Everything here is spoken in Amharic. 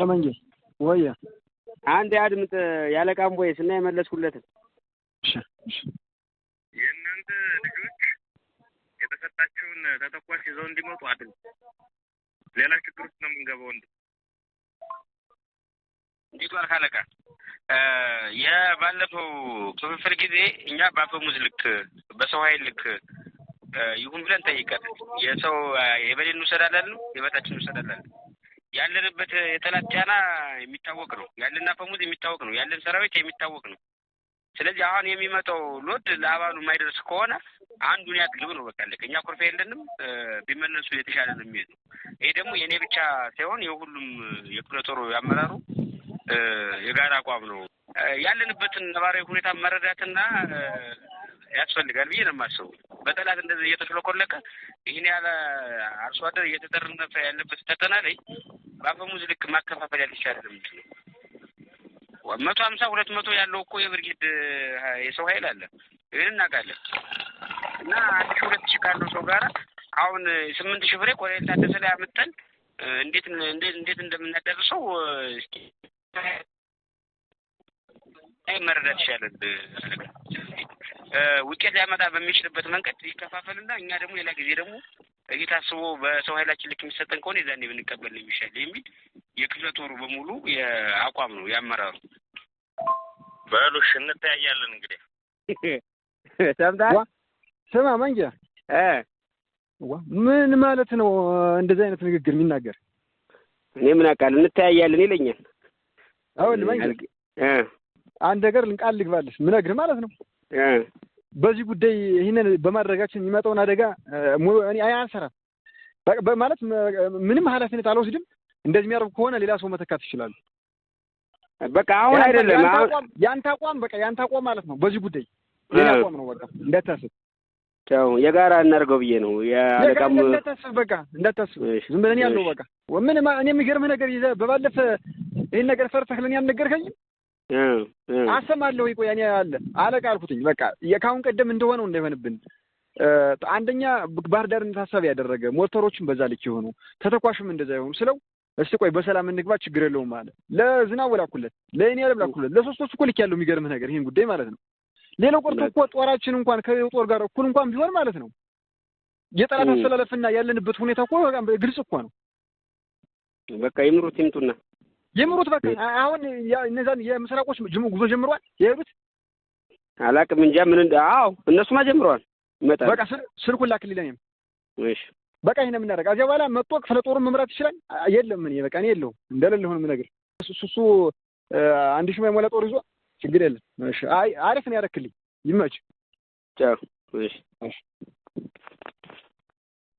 ተመንጌ ወይ አንድ አድምጥ። ያለቃም ወይ ስና የመለስኩለት የእናንተ ልጆች የተሰጣችሁን ተተኳሽ ይዘው እንዲመጡ አድርጉ። ሌላ ችግር ውስጥ ነው የምንገባው። እንዲ እንዲቱ አልካለቃ የባለፈው ክፍፍል ጊዜ እኛ በአፈሙዝ ልክ በሰው ኃይል ልክ ይሁን ብለን ጠይቀን የሰው የበሌን ውሰድ የበታችን ውሰድ ያለንበት የጠላት ጫና የሚታወቅ ነው። ያለን አፈሙዝ የሚታወቅ ነው። ያለን ሰራዊት የሚታወቅ ነው። ስለዚህ አሁን የሚመጣው ሎድ ለአባሉ የማይደርስ ከሆነ አንዱን ያድርግ ነው። በቃ እኛ ኩርፊያ የለንም። ቢመለሱ የተሻለ ነው የሚሄድ ነው። ይሄ ደግሞ የእኔ ብቻ ሳይሆን የሁሉም የክፍለ ጦሩ ያመራሩ የጋራ አቋም ነው። ያለንበትን ነባራዊ ሁኔታ መረዳትና ያስፈልጋል ብዬ ነው የማስበው። በጠላት እንደዚህ እየተሽለኮለቀ ይህን ያለ አርሶ አደር እየተጠርነፈ ያለበት ተጠና ላይ በአፈሙዝ ልክ ማከፋፈል ያልቻለ መቶ ሀምሳ ሁለት መቶ ያለው እኮ የብርጌድ የሰው ኃይል አለ። ይህን እናውቃለን። እና አንድ ሺ ሁለት ሺ ካለው ሰው ጋራ አሁን ስምንት ሺ ብሬ ኮሎኔል ታደሰ ላይ አምጠን እንዴት እንዴት እንደምናደርሰው እስኪ መረዳት ይሻላል። ውጤት ሊያመጣ በሚችልበት መንገድ ይከፋፈልና እኛ ደግሞ ሌላ ጊዜ ደግሞ እዚህ ታስቦ በሰው ኃይላችን ልክ የሚሰጠን ከሆነ የዛኔ ብንቀበል ነው የሚሻል የሚል የክፍለ ጦሩ በሙሉ የአቋም ነው ያመራሩ። በሉ እሺ እንተያያለን እንግዲህ ሰምታ ስማ መንጃ ምን ማለት ነው እንደዚህ አይነት ንግግር የሚናገር? እኔ ምን አውቃለሁ። እንተያያለን ይለኛል። አሁን መንጃ አንድ ነገር ልንቃል ልግባልህ ምነግርህ ማለት ነው በዚህ ጉዳይ ይህንን በማድረጋችን የሚመጣውን አደጋ እኔ አልሰራም ማለት ምንም ኃላፊነት አልወስድም። እንደዚህ የሚያደርጉ ከሆነ ሌላ ሰው መተካት ይችላሉ። በቃ አሁን አይደለም ያንተ አቋም በቃ ያንተ አቋም ማለት ነው። በዚህ ጉዳይ የኔ አቋም ነው። በቃ እንዳታስብ፣ ያው የጋራ እናድርገው ብዬ ነው። ያለቃም እንዳታስብ፣ በቃ እንዳታስብ፣ ዝም ብለን ያለው በቃ ምን እኔ የሚገርምህ ነገር ይዘህ በባለፈ ይህን ነገር ፈርተህ ልን ያልነገርከኝም አሰማለሁ። ቆይ እኔ አለ አለቃ አልኩትኝ። በቃ ከአሁን ቀደም እንደሆነው እንዳይሆንብን አንደኛ ባህር ዳርን ታሳቢ ያደረገ ሞተሮችን በዛ ልክ የሆኑ ተተኳሽም እንደዛ የሆኑ ስለው እስቲ ቆይ በሰላም እንግባ ችግር የለውም አለ። ለዝናቡ ላኩለት፣ ለእኔ ላኩለት፣ ለሶስቶች እኮ ልክ ያለው የሚገርምህ ነገር ይህን ጉዳይ ማለት ነው። ሌላው ቆርቶ እኮ ጦራችን እንኳን ከጦር ጋር እኩል እንኳን ቢሆን ማለት ነው የጠላት አስተላለፍና ያለንበት ሁኔታ እኮ በጣም ግልጽ እኮ ነው። በቃ ይምሩት ይምጡና ይምሩት በቃ አሁን እነዛን የምስራቆች ጉዞ ጀምሯል። የሄዱት አላቅም እንጃ ምን እንደ አዎ እነሱማ ጀምረዋል። ይመጣል በቃ ስልኩን ላክልኝ ለኔም። እሺ በቃ ይሄን የምናደርግ አዚያ በኋላ መጥቶ ክፍለ ጦሩን መምራት ይችላል። የለም እኔ በቃ እኔ የለሁም እንደሌለ ሆነ የምነግርህ እሱ አንድ ሺህ የሞላ ጦር ይዞ ችግር የለም። እሺ አይ አሪፍ ነው ያደረክልኝ። ይመች ቻው። እሺ